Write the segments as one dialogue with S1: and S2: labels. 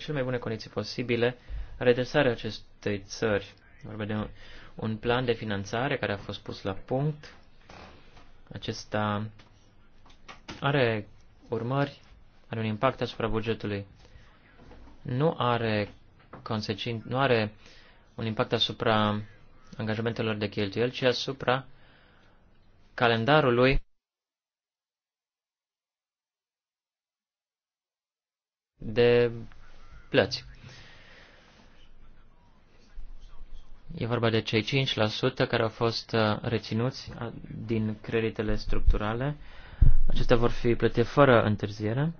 S1: cele mai bune condiții posibile redresarea acestei țări. Vorbim de un, un plan de finanțare care a fost pus la punct. Acesta are urmări, are un impact asupra bugetului. Nu are consecin, nu are un impact asupra angajamentelor de cheltuieli, ci asupra calendarului de plăți. E vorba de cei 5% care au fost uh, reținuți uh, din creditele structurale. Acestea vor fi plătite fără întârziere.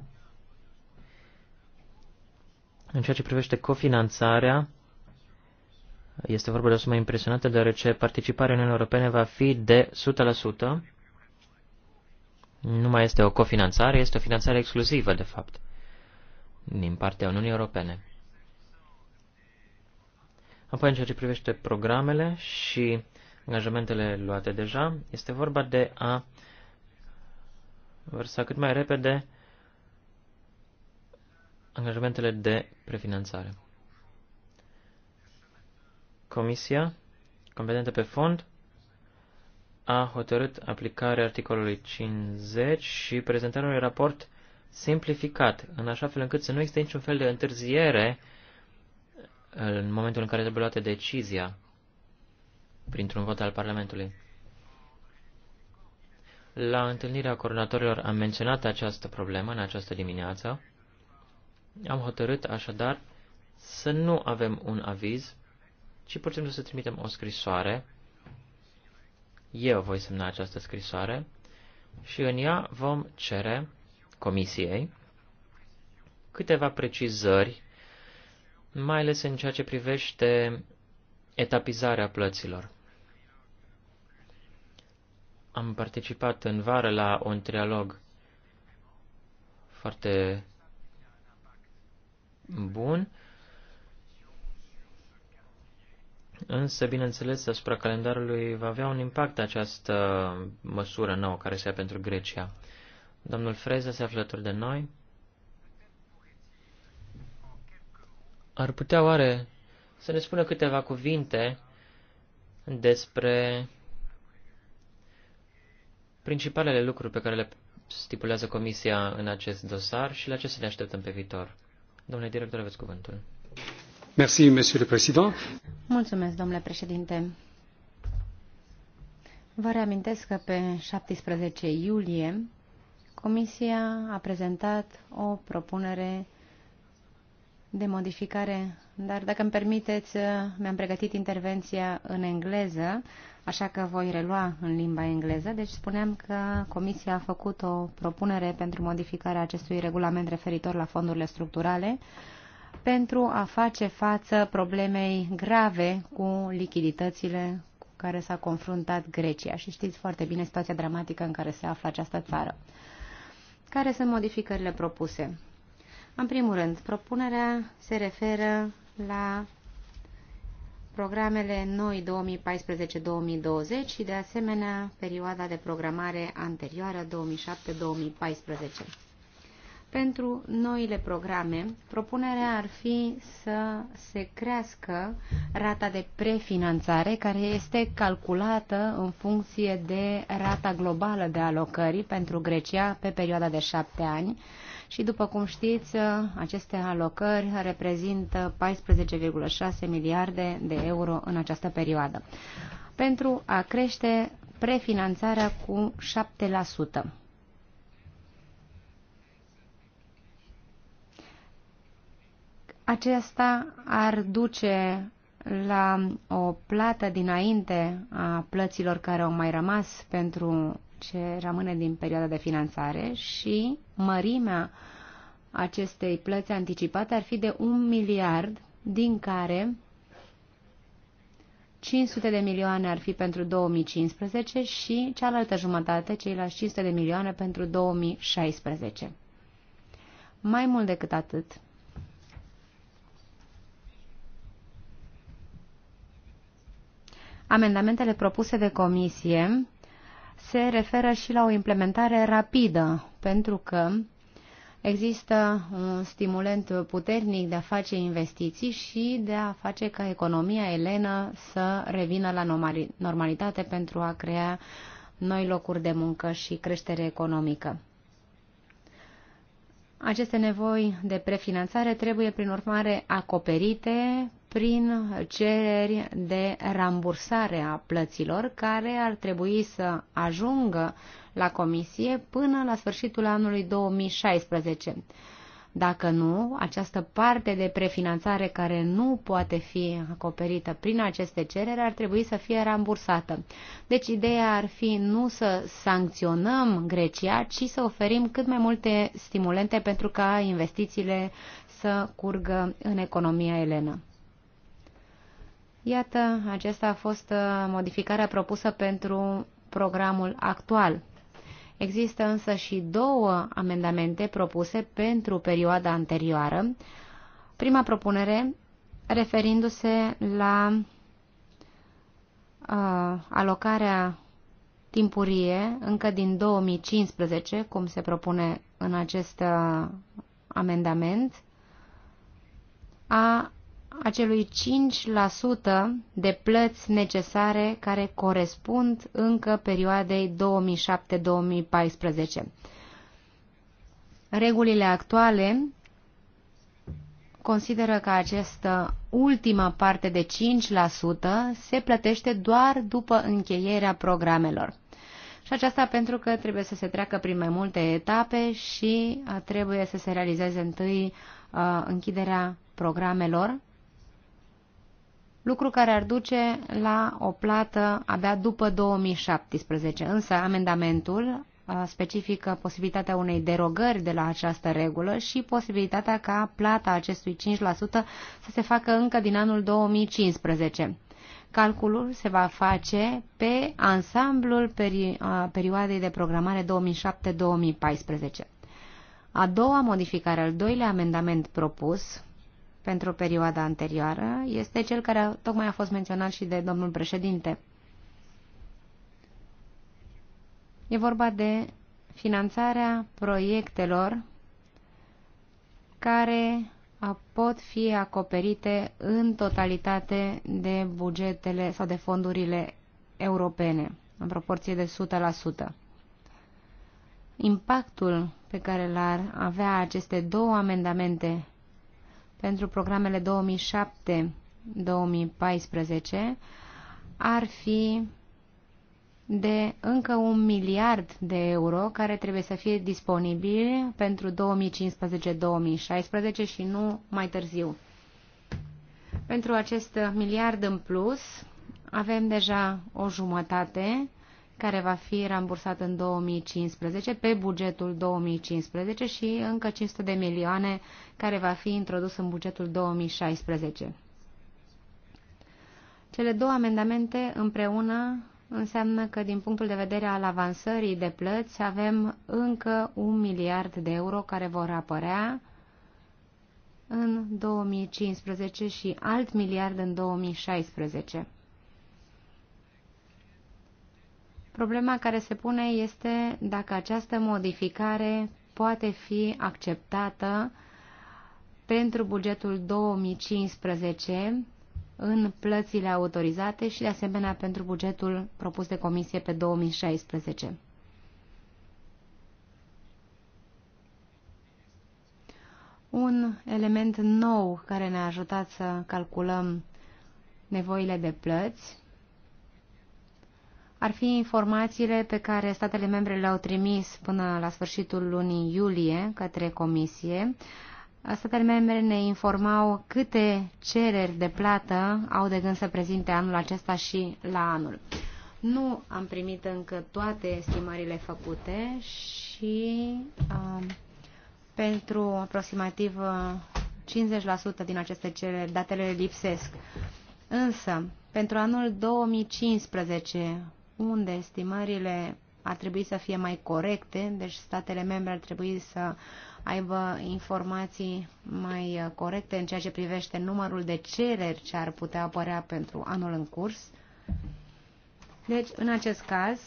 S1: În ceea ce privește cofinanțarea, este vorba de o sumă impresionantă, deoarece participarea Uniunii Europene va fi de 100%. Nu mai este o cofinanțare, este o finanțare exclusivă, de fapt din partea Uniunii Europene. Apoi, în ceea ce privește programele și angajamentele luate deja, este vorba de a vărsa cât mai repede angajamentele de prefinanțare. Comisia, competentă pe fond, a hotărât aplicarea articolului 50 și prezentarea unui raport simplificat, în așa fel încât să nu există niciun fel de întârziere uh, în momentul în care trebuie luată decizia printr-un vot al Parlamentului. La întâlnirea coordonatorilor am menționat această problemă în această dimineață. Am hotărât așadar să nu avem un aviz, ci pur și simplu să trimitem o scrisoare. Eu voi semna această scrisoare și în ea vom cere Comisiei câteva precizări, mai ales în ceea ce privește etapizarea plăților. Am participat în vară la un trialog foarte bun, însă, bineînțeles, asupra calendarului va avea un impact această măsură nouă care se ia pentru Grecia. Domnul Freza se află alături de noi. Ar putea oare să ne spună câteva cuvinte despre principalele lucruri pe care le stipulează Comisia în acest dosar și la ce să ne așteptăm pe viitor. Domnule director, aveți cuvântul.
S2: Merci, monsieur le président.
S3: Mulțumesc, domnule președinte. Vă reamintesc că pe 17 iulie Comisia a prezentat o propunere de modificare, dar dacă îmi permiteți, mi-am pregătit intervenția în engleză, așa că voi relua în limba engleză. Deci spuneam că Comisia a făcut o propunere pentru modificarea acestui regulament referitor la fondurile structurale pentru a face față problemei grave cu lichiditățile cu care s-a confruntat Grecia și știți foarte bine situația dramatică în care se află această țară. Care sunt modificările propuse? În primul rând, propunerea se referă la programele noi 2014-2020 și de asemenea perioada de programare anterioară 2007-2014. Pentru noile programe, propunerea ar fi să se crească rata de prefinanțare, care este calculată în funcție de rata globală de alocări pentru Grecia pe perioada de șapte ani. Și după cum știți, aceste alocări reprezintă 14,6 miliarde de euro în această perioadă. Pentru a crește prefinanțarea cu 7%. Aceasta ar duce la o plată dinainte a plăților care au mai rămas pentru ce rămâne din perioada de finanțare și mărimea acestei plăți anticipate ar fi de un miliard, din care 500 de milioane ar fi pentru 2015 și cealaltă jumătate, ceilalți 500 de milioane pentru 2016. Mai mult decât atât, Amendamentele propuse de comisie se referă și la o implementare rapidă, pentru că există un stimulent puternic de a face investiții și de a face ca economia elenă să revină la normalitate pentru a crea noi locuri de muncă și creștere economică. Aceste nevoi de prefinanțare trebuie, prin urmare, acoperite prin cereri de rambursare a plăților care ar trebui să ajungă la comisie până la sfârșitul anului 2016. Dacă nu, această parte de prefinanțare care nu poate fi acoperită prin aceste cereri ar trebui să fie rambursată. Deci ideea ar fi nu să sancționăm Grecia, ci să oferim cât mai multe stimulente pentru ca investițiile să curgă în economia elenă. Iată, aceasta a fost uh, modificarea propusă pentru programul actual. Există însă și două amendamente propuse pentru perioada anterioară. Prima propunere referindu-se la uh, alocarea timpurie încă din 2015, cum se propune în acest uh, amendament, a acelui 5% de plăți necesare care corespund încă perioadei 2007-2014. Regulile actuale consideră că această ultima parte de 5% se plătește doar după încheierea programelor. Și aceasta pentru că trebuie să se treacă prin mai multe etape și trebuie să se realizeze întâi uh, închiderea programelor lucru care ar duce la o plată abia după 2017. Însă amendamentul uh, specifică posibilitatea unei derogări de la această regulă și posibilitatea ca plata acestui 5% să se facă încă din anul 2015. Calculul se va face pe ansamblul peri uh, perioadei de programare 2007-2014. A doua modificare, al doilea amendament propus, pentru perioada anterioară este cel care tocmai a fost menționat și de domnul președinte. E vorba de finanțarea proiectelor care pot fi acoperite în totalitate de bugetele sau de fondurile europene, în proporție de 100%. Impactul pe care l-ar avea aceste două amendamente pentru programele 2007-2014 ar fi de încă un miliard de euro care trebuie să fie disponibil pentru 2015-2016 și nu mai târziu. Pentru acest miliard în plus avem deja o jumătate care va fi rambursat în 2015, pe bugetul 2015 și încă 500 de milioane care va fi introdus în bugetul 2016. Cele două amendamente împreună înseamnă că din punctul de vedere al avansării de plăți avem încă un miliard de euro care vor apărea în 2015 și alt miliard în 2016. Problema care se pune este dacă această modificare poate fi acceptată pentru bugetul 2015 în plățile autorizate și de asemenea pentru bugetul propus de comisie pe 2016. Un element nou care ne-a ajutat să calculăm nevoile de plăți ar fi informațiile pe care statele membre le-au trimis până la sfârșitul lunii iulie către Comisie. Statele membre ne informau câte cereri de plată au de gând să prezinte anul acesta și la anul. Nu am primit încă toate estimările făcute și uh, pentru aproximativ 50% din aceste cereri datele lipsesc. Însă, pentru anul 2015, unde estimările ar trebui să fie mai corecte, deci statele membre ar trebui să aibă informații mai uh, corecte în ceea ce privește numărul de cereri ce ar putea apărea pentru anul în curs. Deci, în acest caz,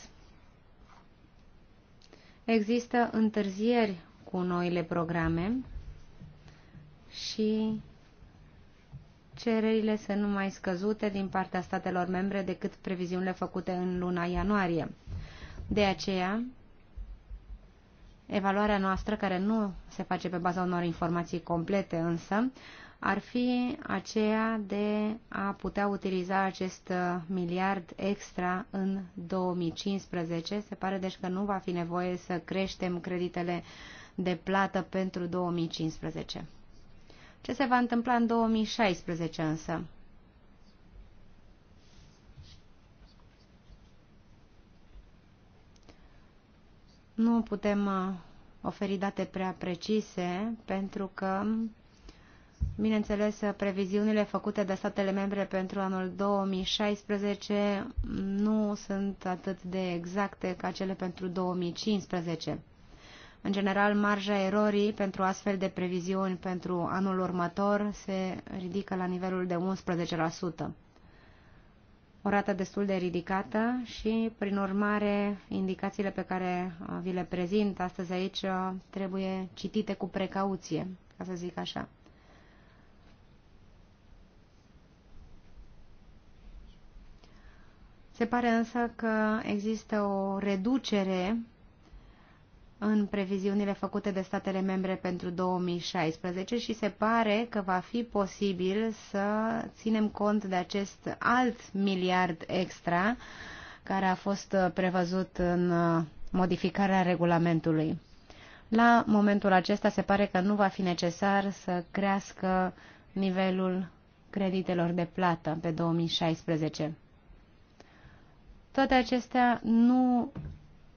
S3: există întârzieri cu noile programe și cererile sunt numai scăzute din partea statelor membre decât previziunile făcute în luna ianuarie. De aceea, evaluarea noastră, care nu se face pe baza unor informații complete însă, ar fi aceea de a putea utiliza acest miliard extra în 2015. Se pare deci că nu va fi nevoie să creștem creditele de plată pentru 2015. Ce se va întâmpla în 2016 însă? Nu putem uh, oferi date prea precise pentru că Bineînțeles, previziunile făcute de statele membre pentru anul 2016 nu sunt atât de exacte ca cele pentru 2015. În general, marja erorii pentru astfel de previziuni pentru anul următor se ridică la nivelul de 11%. O rată destul de ridicată și, prin urmare, indicațiile pe care uh, vi le prezint astăzi aici uh, trebuie citite cu precauție, ca să zic așa. Se pare însă că există o reducere în previziunile făcute de statele membre pentru 2016 și se pare că va fi posibil să ținem cont de acest alt miliard extra care a fost prevăzut în uh, modificarea regulamentului. La momentul acesta se pare că nu va fi necesar să crească nivelul creditelor de plată pe 2016. Toate acestea nu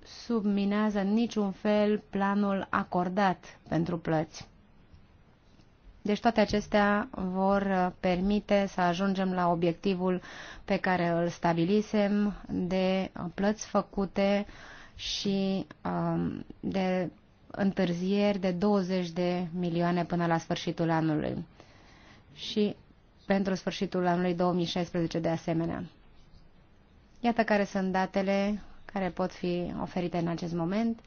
S3: subminează în niciun fel planul acordat pentru plăți. Deci toate acestea vor permite să ajungem la obiectivul pe care îl stabilisem de plăți făcute și um, de întârzieri de 20 de milioane până la sfârșitul anului și pentru sfârșitul anului 2016 de asemenea. Iată care sunt datele care pot fi oferite în acest moment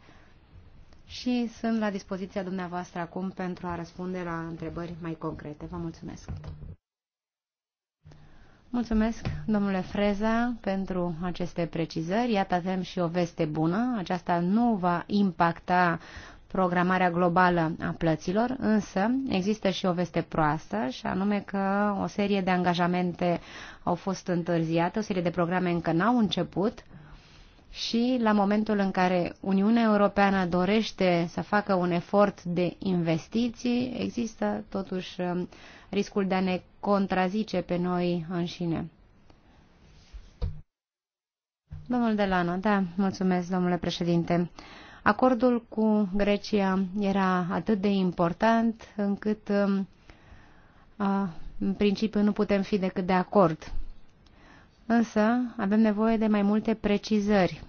S3: și sunt la dispoziția dumneavoastră acum pentru a răspunde la întrebări mai concrete. Vă mulțumesc! Mulțumesc, domnule Freza, pentru aceste precizări. Iată, avem și o veste bună. Aceasta nu va impacta programarea globală a plăților, însă există și o veste proastă, și anume că o serie de angajamente au fost întârziate, o serie de programe încă n-au început, și la momentul în care Uniunea Europeană dorește să facă un efort de investiții, există totuși um, riscul de a ne contrazice pe noi înșine. Domnul Delano, da, mulțumesc, domnule președinte. Acordul cu Grecia era atât de important încât, um, în principiu, nu putem fi decât de acord. Însă avem nevoie de mai multe precizări.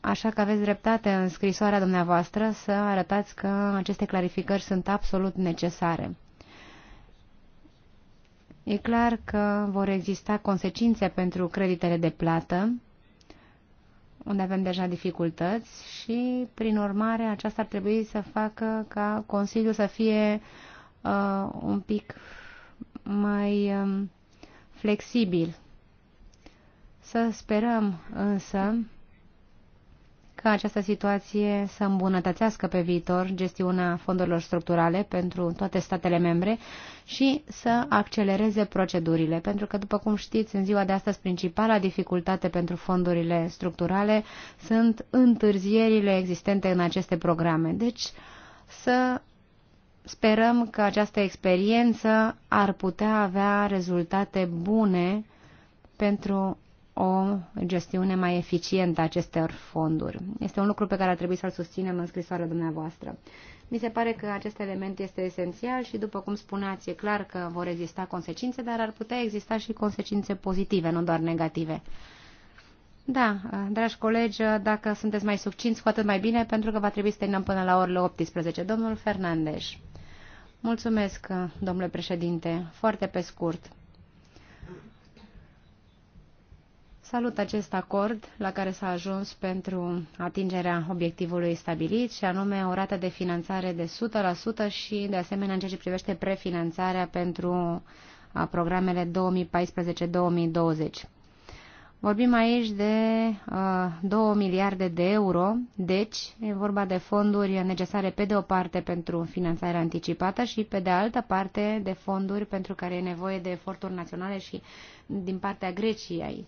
S3: Așa că aveți dreptate în scrisoarea dumneavoastră să arătați că aceste clarificări sunt absolut necesare. E clar că vor exista consecințe pentru creditele de plată, unde avem deja dificultăți și, prin urmare, aceasta ar trebui să facă ca Consiliul să fie uh, un pic mai... Uh, flexibil. Să sperăm însă că această situație să îmbunătățească pe viitor gestiunea fondurilor structurale pentru toate statele membre și să accelereze procedurile, pentru că, după cum știți, în ziua de astăzi principala dificultate pentru fondurile structurale sunt întârzierile existente în aceste programe. Deci, să Sperăm că această experiență ar putea avea rezultate bune pentru o gestiune mai eficientă a acestor fonduri. Este un lucru pe care ar trebui să-l susținem în scrisoarea dumneavoastră. Mi se pare că acest element este esențial și, după cum spuneați, e clar că vor exista consecințe, dar ar putea exista și consecințe pozitive, nu doar negative. Da, dragi colegi, dacă sunteți mai succinți, cu atât mai bine, pentru că va trebui să terminăm până la orele 18. Domnul Fernandez. Mulțumesc, domnule președinte. Foarte pe scurt. Salut acest acord la care s-a ajuns pentru atingerea obiectivului stabilit și anume o rată de finanțare de 100% și de asemenea în ceea ce privește prefinanțarea pentru programele 2014-2020. Vorbim aici de uh, 2 miliarde de euro, deci e vorba de fonduri necesare pe de o parte pentru finanțarea anticipată și pe de altă parte de fonduri pentru care e nevoie de eforturi naționale și din partea Greciei.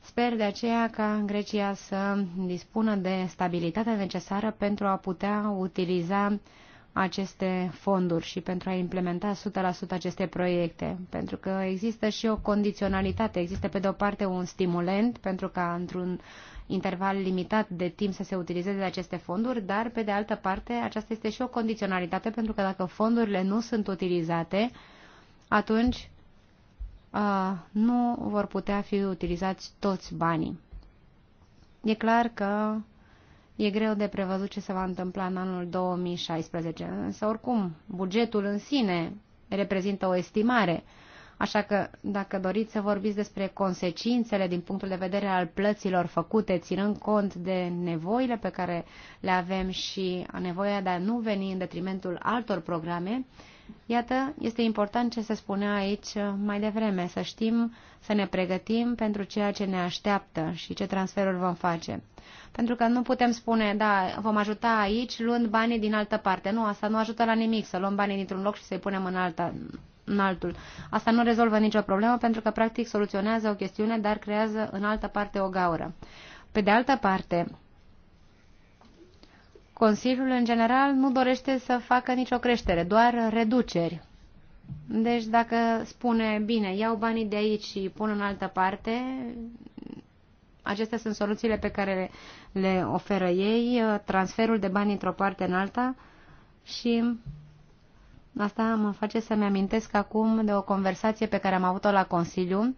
S3: Sper de aceea ca Grecia să dispună de stabilitatea necesară pentru a putea utiliza uh, aceste fonduri și pentru a implementa 100% aceste proiecte, pentru că există și o condiționalitate. Există, pe de o parte, un stimulent pentru ca într-un interval limitat de timp să se utilizeze aceste fonduri, dar, pe de altă parte, aceasta este și o condiționalitate pentru că dacă fondurile nu sunt utilizate, atunci uh, nu vor putea fi utilizați toți banii. E clar că E greu de prevăzut ce se va întâmpla în anul 2016, însă oricum bugetul în sine reprezintă o estimare. Așa că, dacă doriți să vorbiți despre consecințele din punctul de vedere al plăților făcute, ținând cont de nevoile pe care le avem și a nevoia de a nu veni în detrimentul altor programe, Iată, este important ce se spunea aici uh, mai devreme, să știm, să ne pregătim pentru ceea ce ne așteaptă și ce transferuri vom face. Pentru că nu putem spune, da, vom ajuta aici luând banii din altă parte. Nu, asta nu ajută la nimic, să luăm banii dintr-un loc și să-i punem în, alta, în altul. Asta nu rezolvă nicio problemă pentru că practic soluționează o chestiune, dar creează în altă parte o gaură. Pe de altă parte, Consiliul, în general, nu dorește să facă nicio creștere, doar reduceri. Deci dacă spune, bine, iau banii de aici și pun în altă parte, acestea sunt soluțiile pe care le oferă ei, transferul de bani într-o parte în alta și asta mă face să-mi amintesc acum de o conversație pe care am avut-o la Consiliu,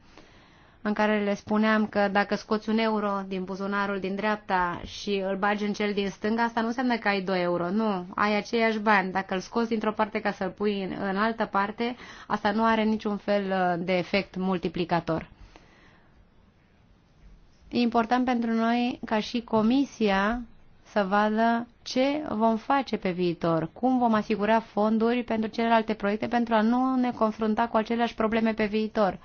S3: în care le spuneam că dacă scoți un euro din buzunarul din dreapta și îl bagi în cel din stânga, asta nu înseamnă că ai 2 euro. Nu, ai aceiași bani. Dacă îl scoți dintr-o parte ca să-l pui în, în altă parte, asta nu are niciun fel uh, de efect multiplicator. E important pentru noi ca și comisia să vadă ce vom face pe viitor, cum vom asigura fonduri pentru celelalte proiecte pentru a nu ne confrunta cu aceleași probleme pe viitor.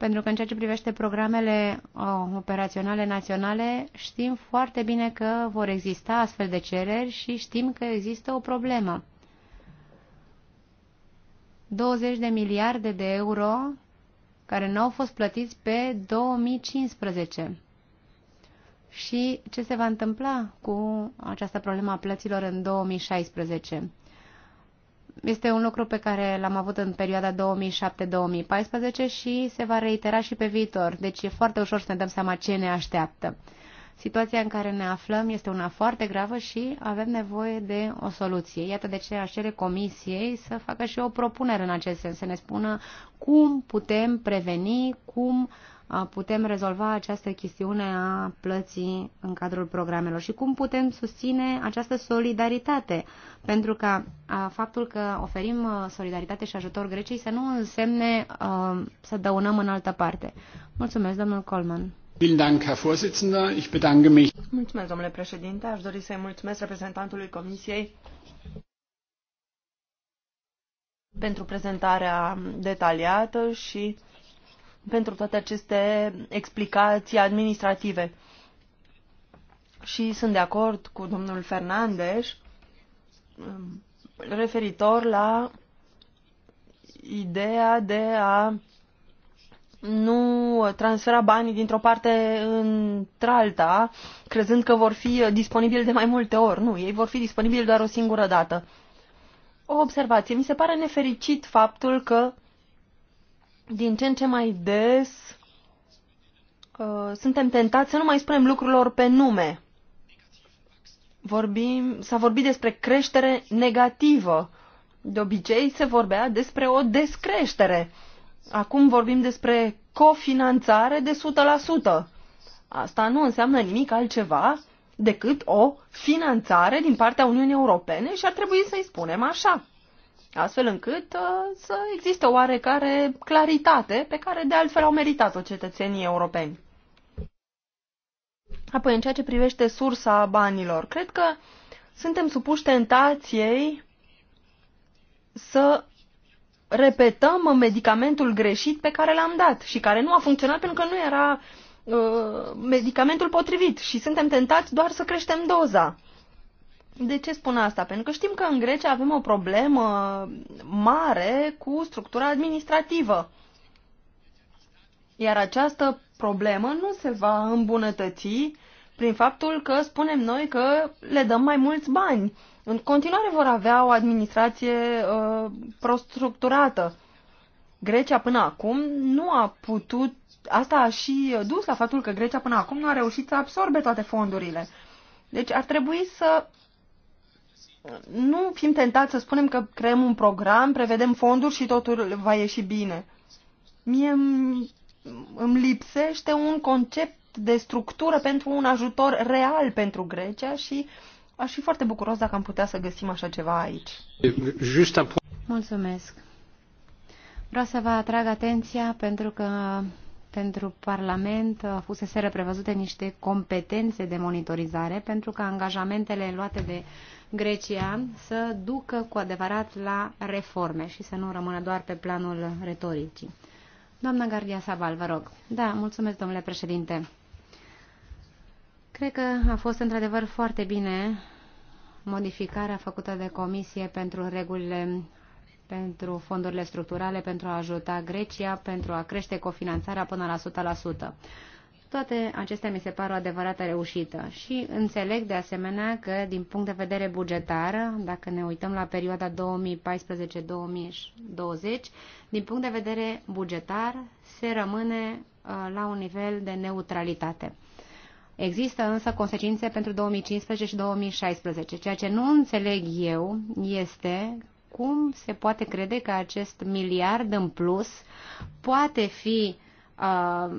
S3: Pentru că în ceea ce privește programele uh, operaționale naționale, știm foarte bine că vor exista astfel de cereri și știm că există o problemă. 20 de miliarde de euro care nu au fost plătiți pe 2015. Și ce se va întâmpla cu această problemă a plăților în 2016? este un lucru pe care l-am avut în perioada 2007-2014 și se va reitera și pe viitor. Deci e foarte ușor să ne dăm seama ce ne așteaptă. Situația în care ne aflăm este una foarte gravă și avem nevoie de o soluție. Iată de ce aș cere comisiei să facă și o propunere în acest sens, să ne spună cum putem preveni, cum uh, putem rezolva această chestiune a plății în cadrul programelor și cum putem susține această solidaritate, pentru că faptul că oferim uh, solidaritate și ajutor Greciei să nu însemne uh, să dăunăm în altă parte. Mulțumesc, domnul Coleman.
S2: Mulțumesc, domnule președinte. Aș dori să-i mulțumesc reprezentantului Comisiei pentru prezentarea detaliată și pentru toate aceste explicații administrative. Și sunt de acord cu domnul Fernandez um, referitor la ideea de a nu transfera banii dintr-o parte într-alta, crezând că vor fi disponibili de mai multe ori. Nu, ei vor fi disponibili doar o singură dată. O observație. Mi se pare nefericit faptul că din ce în ce mai des uh, suntem tentați să nu mai spunem lucrurilor pe nume. Vorbim, s-a vorbit despre creștere negativă. De obicei se vorbea despre o descreștere. Acum vorbim despre cofinanțare de 100%. Asta nu înseamnă nimic altceva decât o finanțare din partea Uniunii Europene și ar trebui să-i spunem așa astfel încât uh, să existe o oarecare claritate pe care de altfel au meritat-o cetățenii europeni. Apoi, în ceea ce privește sursa banilor, cred că suntem supuși tentației să repetăm medicamentul greșit pe care l-am dat și care nu a funcționat pentru că nu era uh, medicamentul potrivit și suntem tentați doar să creștem doza. De ce spun asta? Pentru că știm că în Grecia avem o problemă mare cu structura administrativă. Iar această problemă nu se va îmbunătăți prin faptul că spunem noi că le dăm mai mulți bani. În continuare vor avea o administrație uh, prostructurată. Grecia până acum nu a putut, asta a și dus la faptul că Grecia până acum nu a reușit să absorbe toate fondurile. Deci ar trebui să nu fim tentați să spunem că creăm un program, prevedem fonduri și totul va ieși bine. Mie îmi, lipsește un concept de structură pentru un ajutor real pentru Grecia și aș fi foarte bucuros dacă am putea să găsim așa ceva aici. Mulțumesc. Vreau să vă
S3: atrag atenția pentru că pentru Parlament uh, fuseseră prevăzute niște competențe de monitorizare pentru ca angajamentele luate de Grecia să ducă cu adevărat la reforme și să nu rămână doar pe planul retoricii. Doamna Gardia Sabal, vă rog. Da, mulțumesc, domnule președinte. Cred că a fost într-adevăr foarte bine modificarea făcută de Comisie pentru regulile pentru fondurile structurale pentru a ajuta Grecia, pentru a crește cofinanțarea până la 100%. Toate acestea mi se par o adevărată reușită și înțeleg de asemenea că din punct de vedere bugetar, dacă ne uităm la perioada 2014-2020, din punct de vedere bugetar se rămâne uh, la un nivel de neutralitate. Există însă consecințe pentru 2015 și 2016. Ceea ce nu înțeleg eu este cum se poate crede că acest miliard în plus poate fi uh,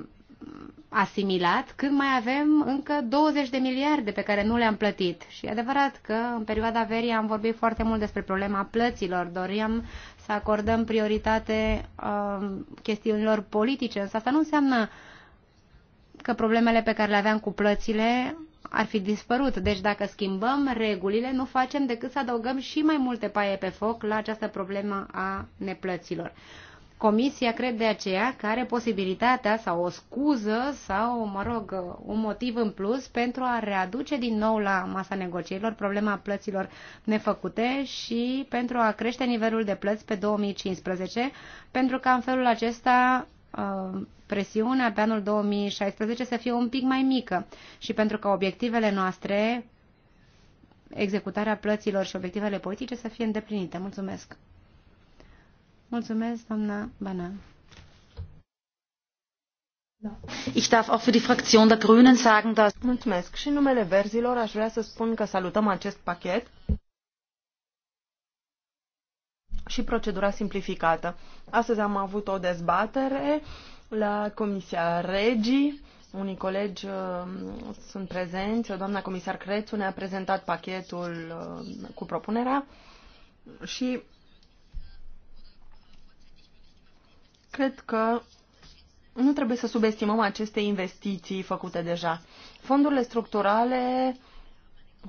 S3: asimilat când mai avem încă 20 de miliarde pe care nu le-am plătit. Și e adevărat că în perioada verii am vorbit foarte mult despre problema plăților. Doream să acordăm prioritate uh, chestiunilor politice, însă asta nu înseamnă că problemele pe care le aveam cu plățile ar fi dispărut. Deci dacă schimbăm regulile, nu facem decât să adăugăm și mai multe paie pe foc la această problemă a neplăților. Comisia cred de aceea că are posibilitatea sau o scuză sau, mă rog, un motiv în plus pentru a readuce din nou la masa negocierilor problema plăților nefăcute și pentru a crește nivelul de plăți pe 2015, pentru că în felul acesta Uh, presiunea pe anul 2016 să fie un pic mai mică și pentru că obiectivele noastre, executarea plăților și obiectivele politice să fie îndeplinite. Mulțumesc! Mulțumesc, doamna Bana.
S2: Da. Ich darf auch für die Fraktion der Grünen sagen, dass Mulțumesc. Și numele verzilor aș vrea să spun că salutăm acest pachet și procedura simplificată. Astăzi am avut o dezbatere la Comisia Regii. Unii colegi uh, sunt prezenți. Doamna comisar Crețu ne-a prezentat pachetul uh, cu propunerea și cred că nu trebuie să subestimăm aceste investiții făcute deja. Fondurile structurale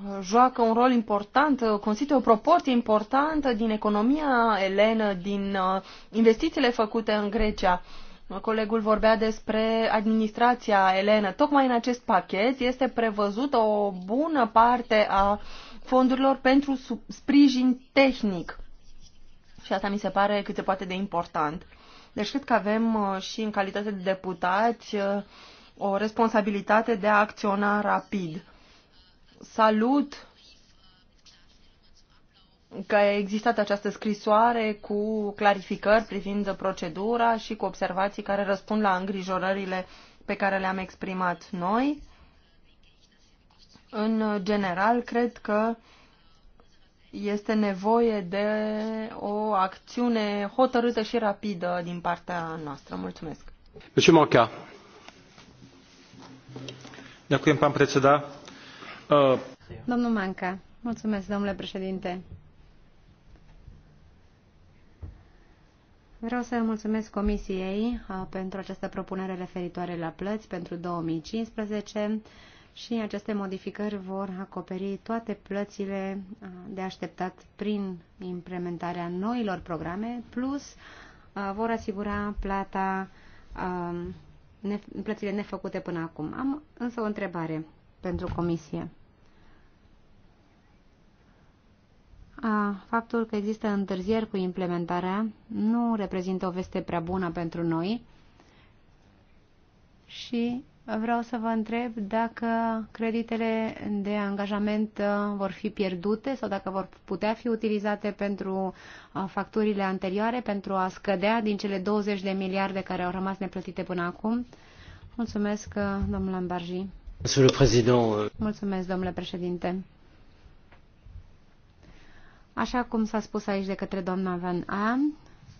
S2: Uh, joacă un rol important, uh, constituie o proporție importantă din economia elenă, din uh, investițiile făcute în Grecia. Colegul vorbea despre administrația elenă. Tocmai în acest pachet este prevăzută o bună parte a fondurilor pentru sprijin tehnic. Și asta mi se pare cât se poate de important. Deci cred că avem și în calitate de deputați o responsabilitate de a acționa rapid salut că a existat această scrisoare cu clarificări privind procedura și cu observații care răspund la îngrijorările pe care le-am exprimat noi. În general, cred că este nevoie de o acțiune hotărâtă și rapidă din partea noastră. Mulțumesc. Mulțumesc. Ďakujem, Uh.
S3: Domnul Manca, mulțumesc, domnule președinte. Vreau să mulțumesc Comisiei uh, pentru această propunere referitoare la plăți pentru 2015 și aceste modificări vor acoperi toate plățile uh, de așteptat prin implementarea noilor programe, plus vor asigura plata, um, plățile nefăcute până acum. Am însă o întrebare pentru Comisie. faptul că există întârzieri cu implementarea nu reprezintă o veste prea bună pentru noi și vreau să vă întreb dacă creditele de angajament uh, vor fi pierdute sau dacă vor putea fi utilizate pentru uh, facturile anterioare, pentru a scădea din cele 20 de miliarde care au rămas neplătite până acum. Mulțumesc, uh, domnule Ambarji. Mulțumesc, domnule președinte. Așa cum s-a spus aici de către doamna Van A,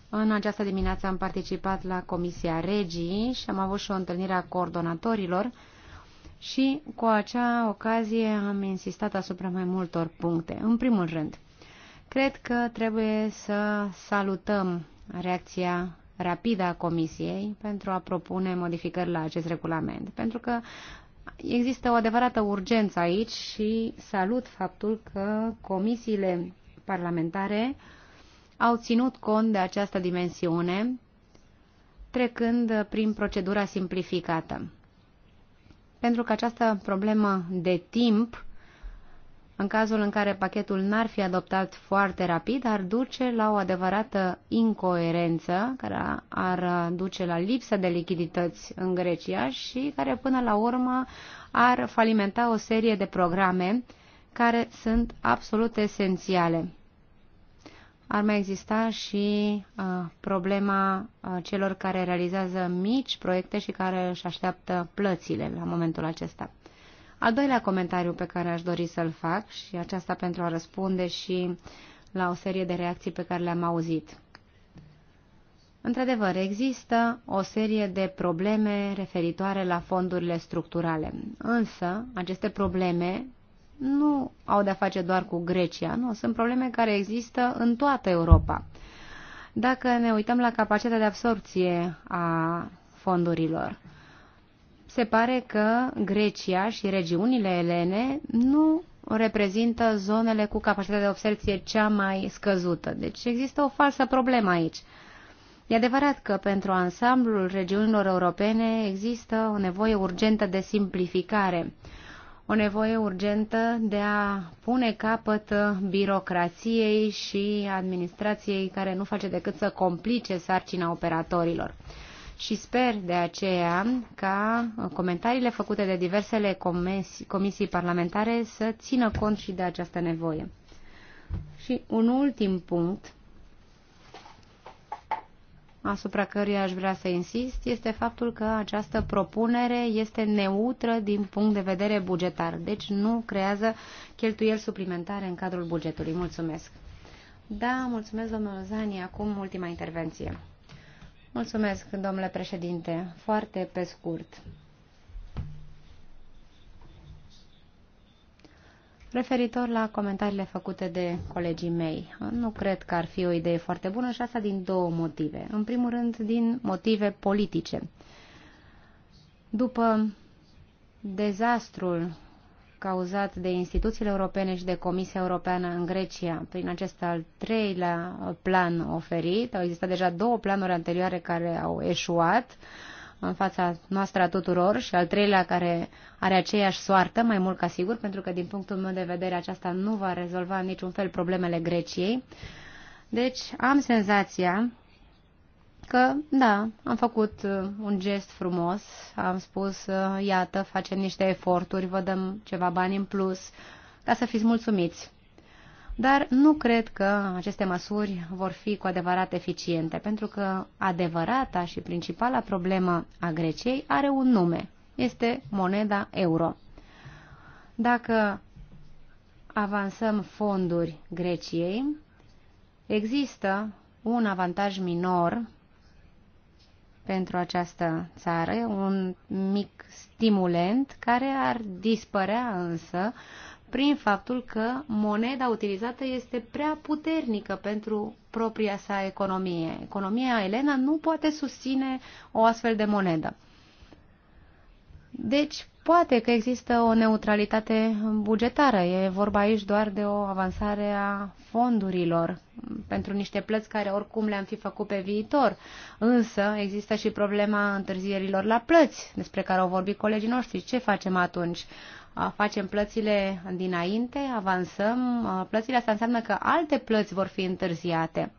S3: în această dimineață am participat la Comisia Regii și am avut și o întâlnire a coordonatorilor și cu acea ocazie am insistat asupra mai multor puncte. În primul rând, cred că trebuie să salutăm reacția rapidă a Comisiei pentru a propune modificări la acest regulament, pentru că există o adevărată urgență aici și salut faptul că comisiile parlamentare au ținut cont de această dimensiune, trecând prin procedura simplificată. Pentru că această problemă de timp, în cazul în care pachetul n-ar fi adoptat foarte rapid, ar duce la o adevărată incoerență, care ar duce la lipsa de lichidități în Grecia și care până la urmă ar falimenta o serie de programe care sunt absolut esențiale. Ar mai exista și uh, problema uh, celor care realizează mici proiecte și care își așteaptă plățile la momentul acesta. Al doilea comentariu pe care aș dori să-l fac și aceasta pentru a răspunde și la o serie de reacții pe care le-am auzit. Într-adevăr, există o serie de probleme referitoare la fondurile structurale, însă aceste probleme nu au de-a face doar cu Grecia, nu, sunt probleme care există în toată Europa. Dacă ne uităm la capacitatea de absorpție a fondurilor, se pare că Grecia și regiunile elene nu reprezintă zonele cu capacitatea de absorpție cea mai scăzută. Deci există o falsă problemă aici. E adevărat că pentru ansamblul regiunilor europene există o nevoie urgentă de simplificare o nevoie urgentă de a pune capăt birocrației și administrației care nu face decât să complice sarcina operatorilor. Și sper de aceea ca comentariile făcute de diversele comisii, comisii parlamentare să țină cont și de această nevoie. Și un ultim punct asupra căruia aș vrea să insist este faptul că această propunere este neutră din punct de vedere bugetar, deci nu creează cheltuieli suplimentare în cadrul bugetului. Mulțumesc! Da, mulțumesc, domnul Zani. Acum ultima intervenție. Mulțumesc, domnule președinte. Foarte pe scurt. Referitor la comentariile făcute de colegii mei, nu cred că ar fi o idee foarte bună și asta din două motive. În primul rând, din motive politice. După dezastrul cauzat de instituțiile europene și de Comisia Europeană în Grecia prin acest al treilea plan oferit. Au existat deja două planuri anterioare care au eșuat. Uh, în fața noastră a tuturor și al treilea care are aceeași soartă, mai mult ca sigur, pentru că din punctul meu de vedere aceasta nu va rezolva în niciun fel problemele Greciei. Deci am senzația că, da, am făcut uh, un gest frumos, am spus, uh, iată, facem niște eforturi, vă dăm ceva bani în plus, ca să fiți mulțumiți dar nu cred că aceste măsuri vor fi cu adevărat eficiente, pentru că adevărata și principala problemă a Greciei are un nume. Este moneda euro. Dacă avansăm fonduri Greciei, există un avantaj minor pentru această țară, un mic stimulent care ar dispărea însă prin faptul că moneda utilizată este prea puternică pentru propria sa economie. Economia Elena nu poate susține o astfel de monedă. Deci, poate că există o neutralitate bugetară. E vorba aici doar de o avansare a fondurilor pentru niște plăți care oricum le-am fi făcut pe viitor. Însă există și problema întârzierilor la plăți, despre care au vorbit colegii noștri. Ce facem atunci? facem plățile dinainte, avansăm uh, plățile, asta înseamnă că alte plăți vor fi întârziate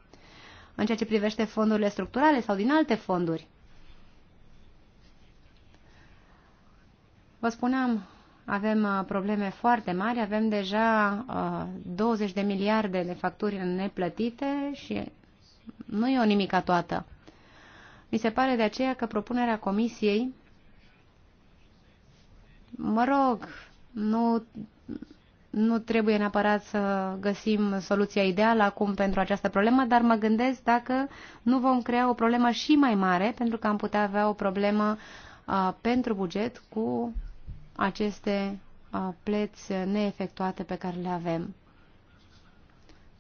S3: în ceea ce privește fondurile structurale sau din alte fonduri. Vă spuneam, avem uh, probleme foarte mari, avem deja 20 uh, de miliarde de facturi neplătite și nu e o nimica toată. Mi se pare de aceea că propunerea Comisiei Mă rog, nu, nu trebuie neapărat să găsim soluția ideală acum pentru această problemă, dar mă gândesc dacă nu vom crea o problemă și mai mare, pentru că am putea avea o problemă uh, pentru buget cu aceste uh, pleți neefectuate pe care le avem.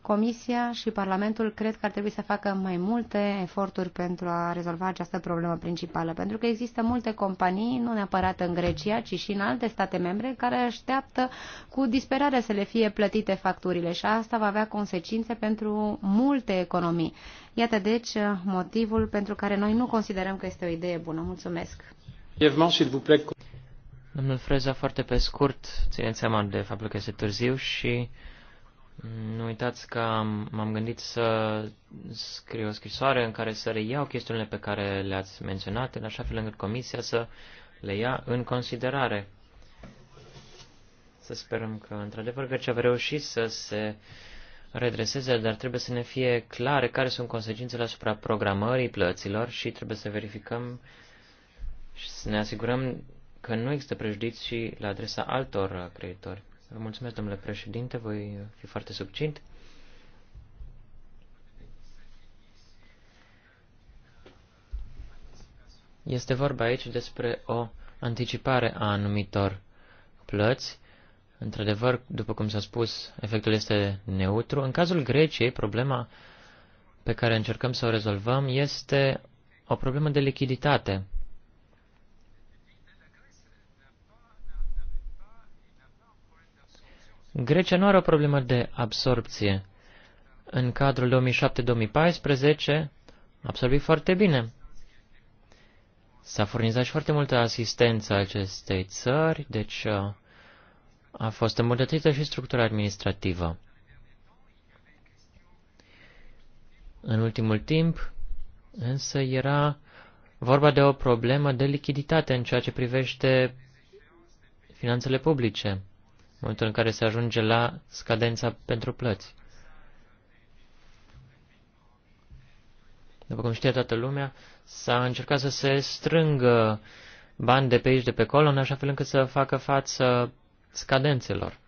S3: Comisia și Parlamentul cred că ar trebui să facă mai multe eforturi pentru a rezolva această problemă principală, pentru că există multe companii, nu neapărat în Grecia, ci și în alte state membre, care așteaptă cu disperare să le fie plătite facturile și asta va avea consecințe pentru multe economii. Iată deci motivul pentru care noi nu considerăm că este o idee bună. Mulțumesc!
S1: Domnul Freza, foarte pe scurt, ținem seama de faptul că este târziu și nu uitați că m-am gândit să scriu o scrisoare în care să reiau chestiunile pe care le-ați menționat, în așa fel încât comisia să le ia în considerare. Să sperăm că, într-adevăr, Grecia va reuși să se redreseze, dar trebuie să ne fie clare care sunt consecințele asupra programării plăților și trebuie să verificăm și să ne asigurăm că nu există prejudicii la adresa altor creditori. Vă mulțumesc, domnule președinte, voi fi foarte subțint. Este vorba aici despre o anticipare a anumitor plăți. Într-adevăr, după cum s-a spus, efectul este neutru. În cazul Greciei, problema pe care încercăm să o rezolvăm este o problemă de lichiditate. Grecia nu are o problemă de absorpție. În cadrul 2007-2014 absorbi foarte bine. S-a furnizat și foarte multă asistență acestei țări, deci uh, a fost îmbunătățită și structura administrativă. În ultimul timp, însă, era vorba de o problemă de lichiditate în ceea ce privește finanțele publice momentul în care se ajunge la scadența pentru plăți. După cum știe toată lumea, s-a încercat să se strângă bani de pe aici, de pe acolo, în așa fel încât să facă față scadențelor.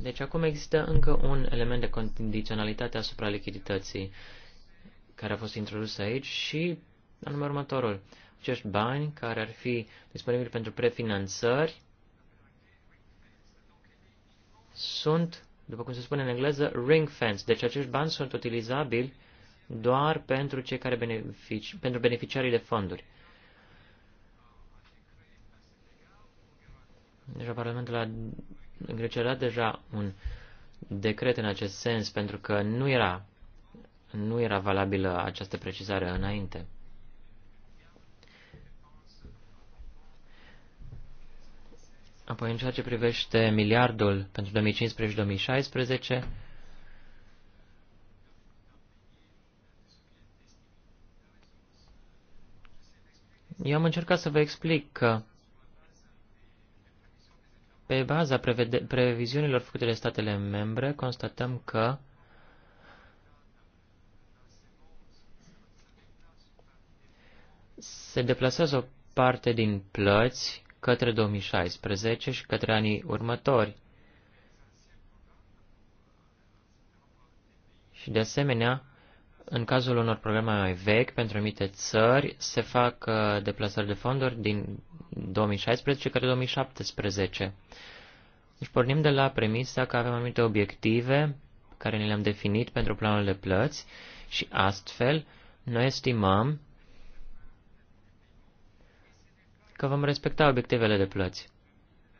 S1: Deci acum există încă un element de condiționalitate asupra lichidității care a fost introdus aici și anume următorul acești bani care ar fi disponibili pentru prefinanțări sunt, după cum se spune în engleză, ring fence. Deci acești bani sunt utilizabili doar pentru cei care benefici, pentru beneficiarii de fonduri. Deja Parlamentul a îngrecerat deja un decret în acest sens pentru că nu era, nu era valabilă această precizare înainte. Apoi, în ceea ce privește miliardul pentru 2015-2016, eu am încercat să vă explic că pe baza previziunilor făcute de statele membre, constatăm că se deplasează o parte din plăți către 2016 și către anii următori. Și de asemenea, în cazul unor programe mai vechi, pentru anumite țări, se fac uh, deplasări de fonduri din 2016 către 2017. Deci pornim de la premisa că avem anumite obiective care ne le-am definit pentru planul de plăți și astfel noi estimăm că vom respecta obiectivele de plăți.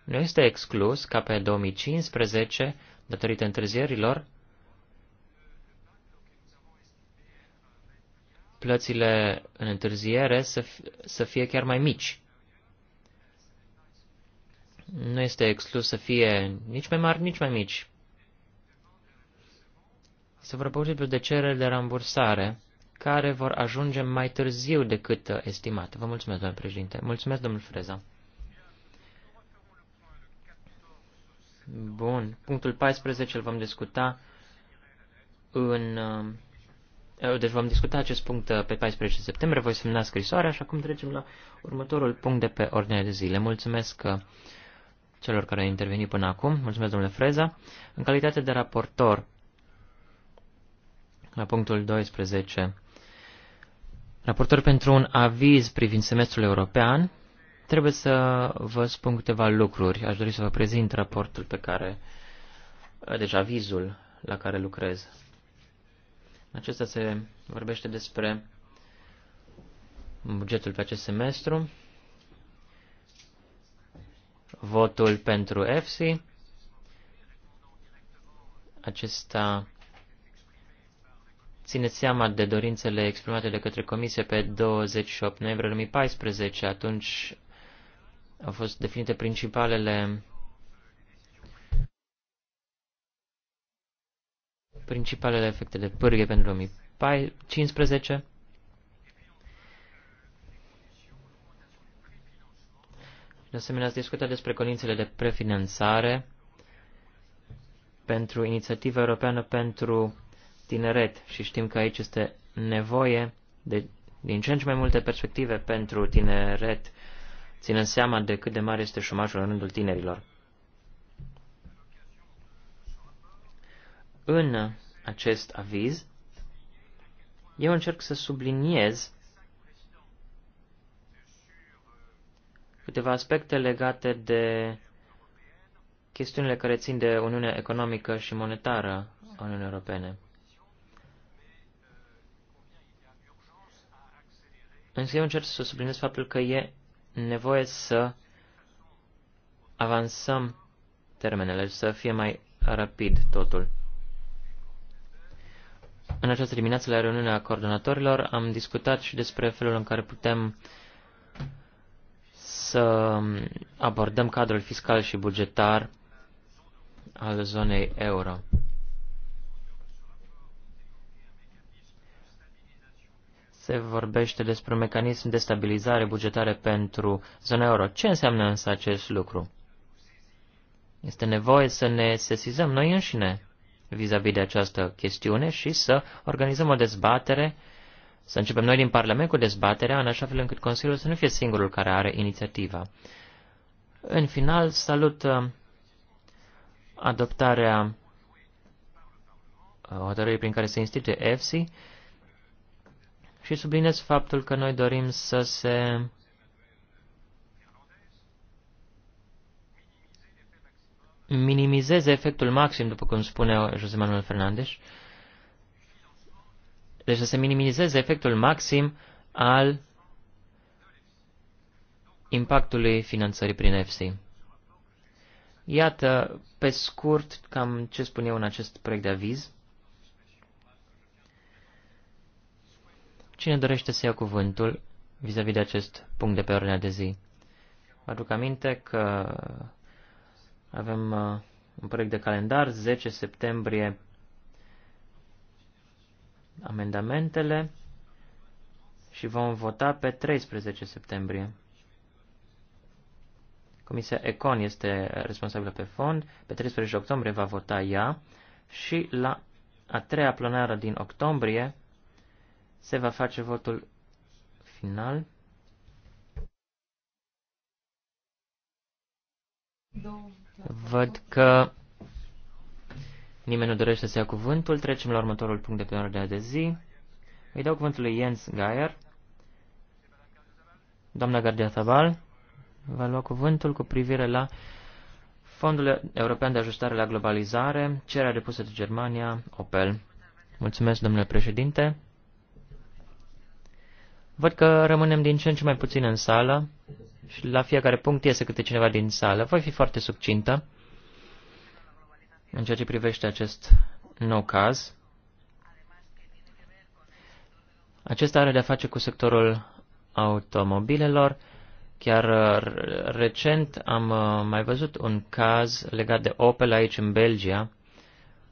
S1: Nu este exclus ca pe 2015, datorită întârzierilor, plățile în întârziere să, să fie chiar mai mici. Nu este exclus să fie nici mai mari, nici mai mici. Se vorbește de cereri de rambursare care vor ajunge mai târziu decât uh, estimat. Vă mulțumesc, domnule președinte. Mulțumesc, domnul Freza. Bun. Punctul 14 îl vom discuta în... Uh, deci vom discuta acest punct uh, pe 14 septembrie, voi semna scrisoarea și acum trecem la următorul punct de pe ordinea de zile. Mulțumesc celor care au intervenit până acum. Mulțumesc, domnule Freza. În calitate de raportor la punctul 12, raportor pentru un aviz privind semestrul european, trebuie să vă spun câteva lucruri. Aș dori să vă prezint raportul pe care, deci avizul la care lucrez. Acesta se vorbește despre bugetul pe acest semestru, votul pentru EFSI, acesta țineți seama de dorințele exprimate de către Comisie pe 28 noiembrie 2014. Atunci au fost definite principalele principalele efecte de pârghe pentru 2015. De asemenea, ați discutat despre condițiile de prefinanțare pentru inițiativa europeană pentru tineret și știm că aici este nevoie de, din ce în ce mai multe perspective pentru tineret, ținând seama de cât de mare este șomajul în rândul tinerilor. În acest aviz, eu încerc să subliniez câteva aspecte legate de chestiunile care țin de Uniunea Economică și Monetară a Uniunii Europene. Însă eu încerc să subliniez faptul că e nevoie să avansăm termenele, să fie mai rapid totul. În această dimineață, la reuniunea coordonatorilor, am discutat și despre felul în care putem să abordăm cadrul fiscal și bugetar al zonei euro. se vorbește despre un mecanism de stabilizare bugetare pentru zona euro. Ce înseamnă însă acest lucru? Este nevoie să ne sesizăm noi înșine vis-a-vis -vis de această chestiune și să organizăm o dezbatere, să începem noi din Parlament cu dezbaterea, în așa fel încât Consiliul să nu fie singurul care are inițiativa. În final, salut uh, adoptarea uh, hotărârii prin care se instituie EFSI, și sublinez faptul că noi dorim să se minimizeze efectul maxim, după cum spune José Manuel Fernández, deci să se minimizeze efectul maxim al impactului finanțării prin FC. Iată, pe scurt, cam ce spun eu în acest proiect de aviz. Cine dorește să ia cuvântul vis-a-vis -vis de acest punct de pe ordinea de zi? Vă aduc aminte că avem uh, un proiect de calendar, 10 septembrie amendamentele și vom vota pe 13 septembrie. Comisia Econ este responsabilă pe fond, pe 13 octombrie va vota ea și la a treia plenară din octombrie se va face votul final. Văd că nimeni nu dorește să ia cuvântul. Trecem la următorul punct de pe ordinea de zi. Îi dau cuvântul lui Jens Geier. Doamna Gardia Tabal va lua cuvântul cu privire la Fondul European de Ajustare la Globalizare, cererea depusă de Germania, Opel. Mulțumesc, domnule președinte. Văd că rămânem din ce în ce mai puțin în sală și la fiecare punct iese câte cineva din sală. Voi fi foarte subcintă în ceea ce privește acest nou caz. Acesta are de-a face cu sectorul automobilelor. Chiar uh, recent am uh, mai văzut un caz legat de Opel aici în Belgia,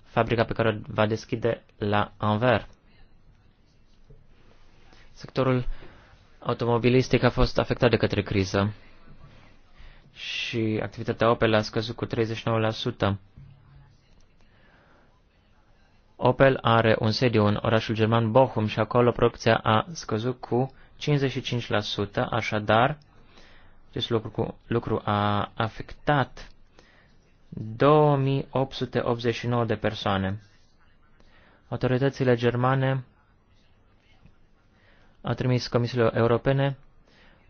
S1: fabrica pe care o va deschide la Anvers. Sectorul automobilistic a fost afectat de către criză și activitatea Opel a scăzut cu 39%. Opel are un sediu în orașul german Bochum și acolo producția a scăzut cu 55%, așadar acest lucru, lucru a afectat 2889 de persoane. Autoritățile germane a trimis Comisiei Europene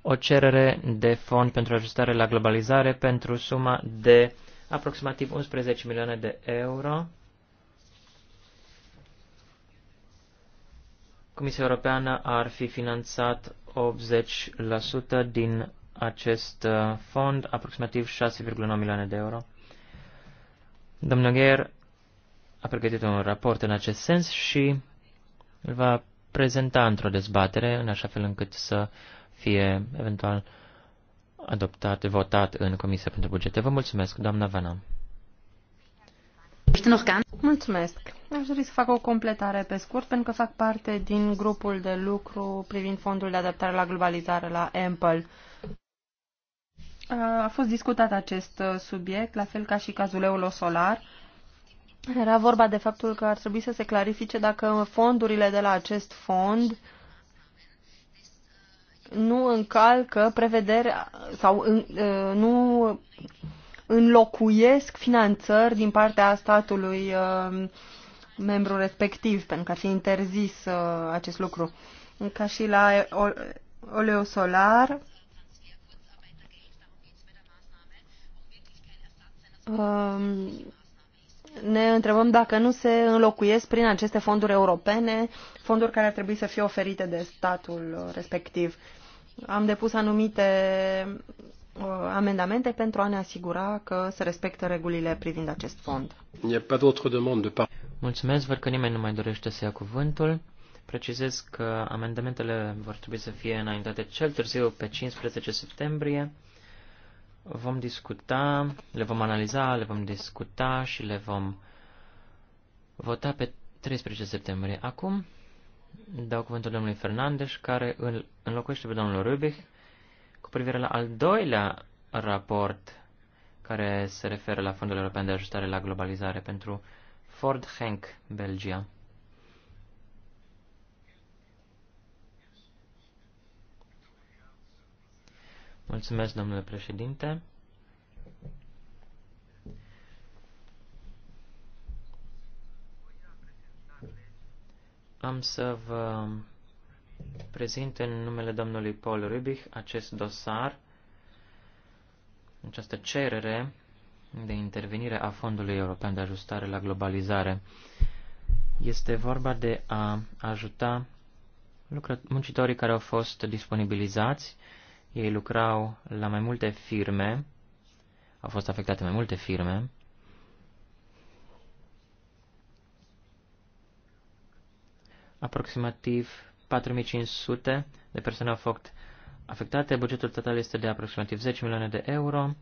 S1: o cerere de fond pentru ajustare la globalizare pentru suma de aproximativ 11 milioane de euro. Comisia Europeană ar fi finanțat 80% din acest uh, fond, aproximativ 6,9 milioane de euro. Domnul Gheer a pregătit un raport în acest sens și îl va prezenta într-o dezbatere, în așa fel încât să fie eventual adoptat, votat în Comisia pentru Bugete. Vă mulțumesc, doamna Vana.
S2: Mulțumesc. Aș dori să fac o completare pe scurt, pentru că fac parte din grupul de lucru privind fondul de adaptare la globalizare la Ample. A fost discutat acest uh, subiect, la fel ca și cazul Eulosolar. solar era vorba de faptul că ar trebui să se clarifice dacă fondurile de la acest fond nu încalcă prevederi sau ă, nu înlocuiesc finanțări din partea statului ă, membru respectiv, pentru că ar fi interzis ă, acest lucru. Ca și la oleosolar, ne întrebăm dacă nu se înlocuiesc prin aceste fonduri europene, fonduri care ar trebui să fie oferite de statul respectiv. Am depus anumite uh, amendamente pentru a ne asigura că se respectă regulile privind acest fond.
S1: Mulțumesc, văd că nimeni nu mai dorește să ia cuvântul. Precizez că amendamentele vor trebui să fie înaintate cel târziu pe 15 septembrie vom discuta, le vom analiza, le vom discuta și le vom vota pe 13 septembrie. Acum dau cuvântul domnului Fernandes, care îl înlocuiește pe domnul Rubich cu privire la al doilea raport care se referă la Fondul European de Ajustare la Globalizare pentru Ford Henk, Belgia. Mulțumesc, domnule președinte. Am să vă prezint în numele domnului Paul Rubich acest dosar, această cerere de intervenire a Fondului European de Ajustare la Globalizare. Este vorba de a ajuta muncitorii care au fost disponibilizați ei lucrau la mai multe firme, au fost afectate mai multe firme. Aproximativ 4500 de persoane au fost afectate. Bugetul total este de aproximativ 10 milioane de euro.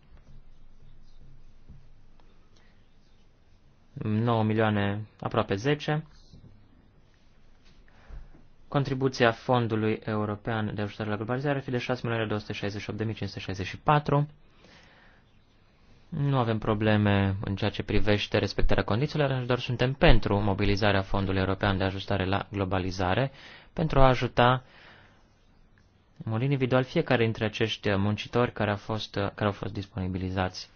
S1: 9 milioane, aproape 10. Contribuția Fondului European de Ajutare la Globalizare ar fi de 6.268.564. Nu avem probleme în ceea ce privește respectarea condițiilor, doar suntem pentru mobilizarea Fondului European de Ajustare la Globalizare pentru a ajuta în mod individual fiecare dintre acești muncitori care au fost, care au fost disponibilizați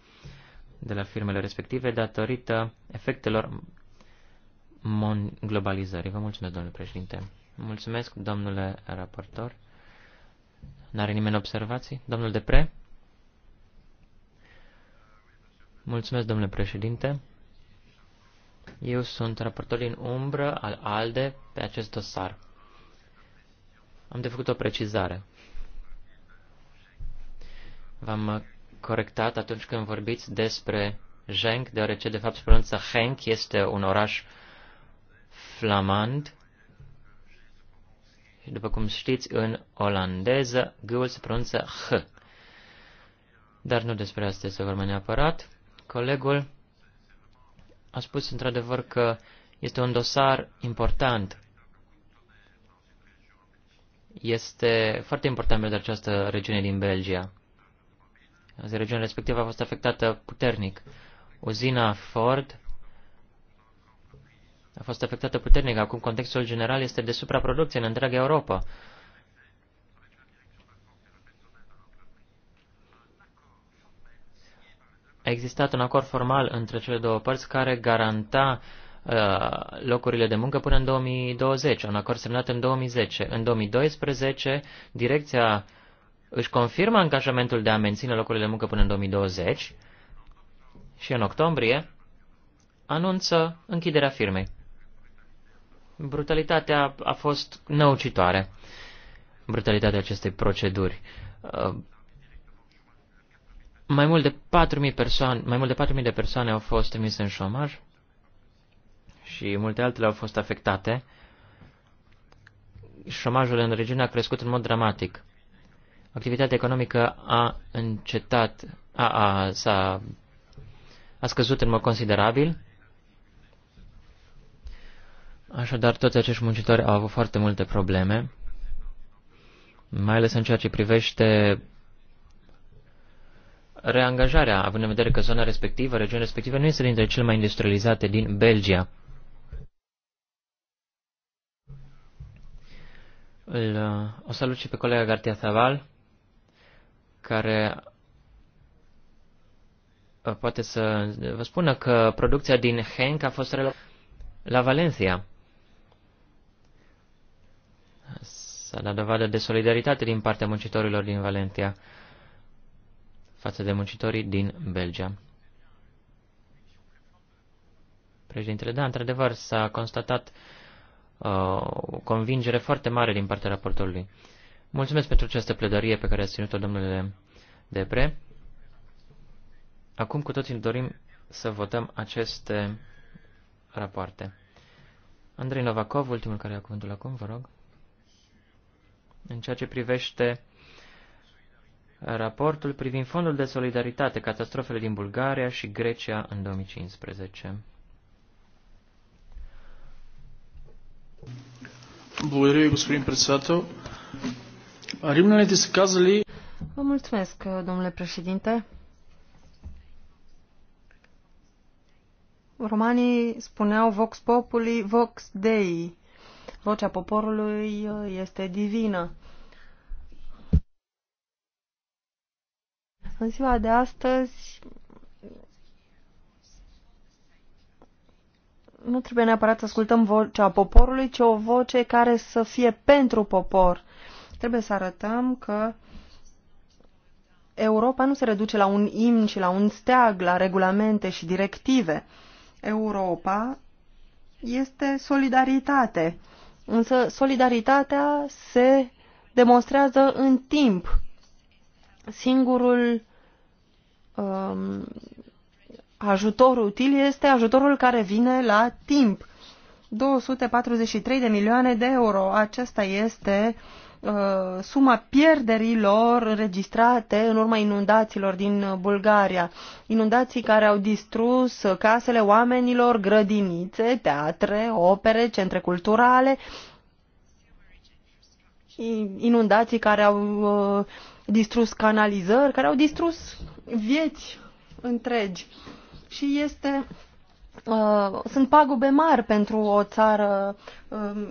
S1: de la firmele respective datorită efectelor globalizării. Vă mulțumesc, domnule președinte. Mulțumesc, domnule raportor. N-are nimeni observații? Domnul Depre? Mulțumesc, domnule președinte. Eu sunt raportor din umbră al ALDE pe acest dosar. Am de făcut o precizare. V-am corectat atunci când vorbiți despre Genk, deoarece de fapt se pronunță Henk, este un oraș flamand și după cum știți, în olandeză, g se pronunță h. Dar nu despre asta este vorba neapărat. Colegul a spus într-adevăr că este un dosar important. Este foarte important pentru această regiune din Belgia. Regiunea respectivă a fost afectată puternic. Uzina Ford a fost afectată puternic. Acum contextul general este de supraproducție în întreaga Europa. A existat un acord formal între cele două părți care garanta uh, locurile de muncă până în 2020, un acord semnat în 2010. În 2012, direcția își confirmă angajamentul de a menține locurile de muncă până în 2020 și în octombrie anunță închiderea firmei. Brutalitatea a fost năucitoare. Brutalitatea acestei proceduri. Uh, mai mult de 4.000 persoane, mai mult de 4.000 de persoane au fost emise în șomaj și multe altele au fost afectate. Șomajul în regiune a crescut în mod dramatic. Activitatea economică a încetat, a, a, s-a, a scăzut în mod considerabil Așadar, toți acești muncitori au avut foarte multe probleme, mai ales în ceea ce privește reangajarea, având în vedere că zona respectivă, regiunea respectivă, nu este dintre cele mai industrializate din Belgia. Îl, o salut și pe colega Gartia Zaval, care uh, poate să vă spună că producția din Henk a fost la Valencia. S-a dat dovadă de solidaritate din partea muncitorilor din Valentia față de muncitorii din Belgia. Președintele, da, într-adevăr, s-a constatat uh, o convingere foarte mare din partea raportorului. Mulțumesc pentru această pledoarie pe care a ținut-o, domnule Depre. Acum cu toții dorim să votăm aceste rapoarte. Andrei Novakov, ultimul care a cuvântul acum, vă rog în ceea ce privește raportul privind Fondul de Solidaritate, catastrofele din Bulgaria și Grecia în 2015. Благодаря ви, господин председател. Римляните са казали...
S2: Vă mulțumesc, domnule președinte. Romanii spuneau vox populi, vox dei vocea poporului este divină. În ziua de astăzi nu trebuie neapărat să ascultăm vocea poporului, ci o voce care să fie pentru popor. Trebuie să arătăm că Europa nu se reduce la un imn și la un steag, la regulamente și directive. Europa este solidaritate Însă solidaritatea se demonstrează în timp. Singurul um, ajutor util este ajutorul care vine la timp. 243 de milioane de euro. Acesta este uh, Uh, suma pierderilor înregistrate în urma inundațiilor din uh, Bulgaria. Inundații care au distrus casele oamenilor, grădinițe, teatre, opere, centre culturale, inundații care au uh, distrus canalizări, care au distrus vieți întregi. Și este sunt pagube mari pentru o țară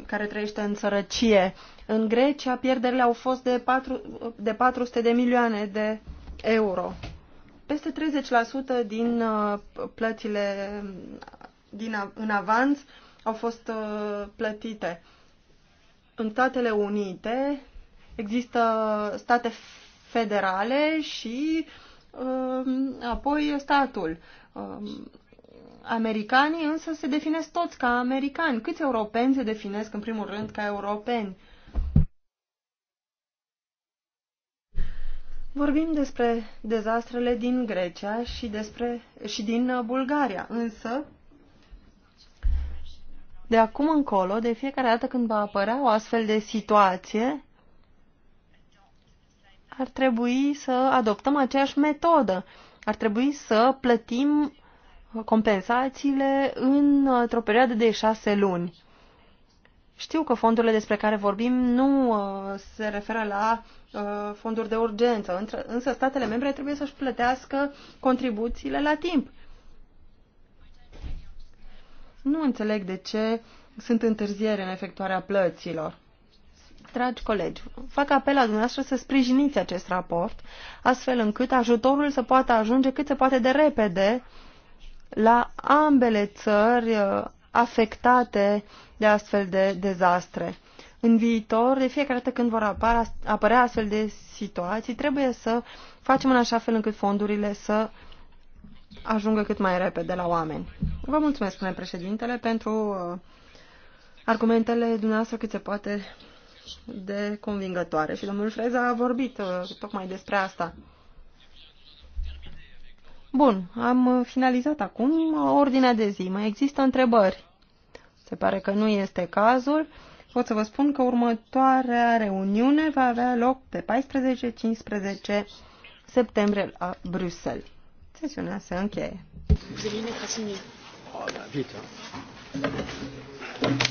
S2: care trăiește în sărăcie. În Grecia pierderile au fost de, 4, de 400 de milioane de euro. Peste 30% din uh, plățile din, în avans au fost uh, plătite. În Statele Unite există state federale și um, apoi statul. Um, americanii însă se definesc toți ca americani. Câți europeni se definesc în primul rând ca europeni? Vorbim despre dezastrele din Grecia și, despre, și din uh, Bulgaria, însă de acum încolo, de fiecare dată când va apărea o astfel de situație, ar trebui să adoptăm aceeași metodă. Ar trebui să plătim compensațiile uh, într-o perioadă de șase luni. Știu că fondurile despre care vorbim nu uh, se referă la uh, fonduri de urgență, însă statele membre trebuie să-și plătească contribuțiile la timp. Nu înțeleg de ce sunt întârziere în efectuarea plăților. Dragi colegi, fac apel la dumneavoastră să sprijiniți acest raport, astfel încât ajutorul să poată ajunge cât se poate de repede la ambele țări uh, afectate de astfel de dezastre. În viitor, de fiecare dată când vor apărea astfel de situații, trebuie să facem în așa fel încât fondurile să ajungă cât mai repede la oameni. Vă mulțumesc, spune președintele, pentru uh, argumentele dumneavoastră cât se poate de convingătoare. Și domnul Freza a vorbit uh, tocmai despre asta. Bun, am uh, finalizat acum ordinea de zi. Mai există întrebări? Se pare că nu este cazul. Pot să vă spun că următoarea reuniune va avea loc pe 14-15 septembrie la Bruxelles. Sesiunea se încheie.
S1: Thank you.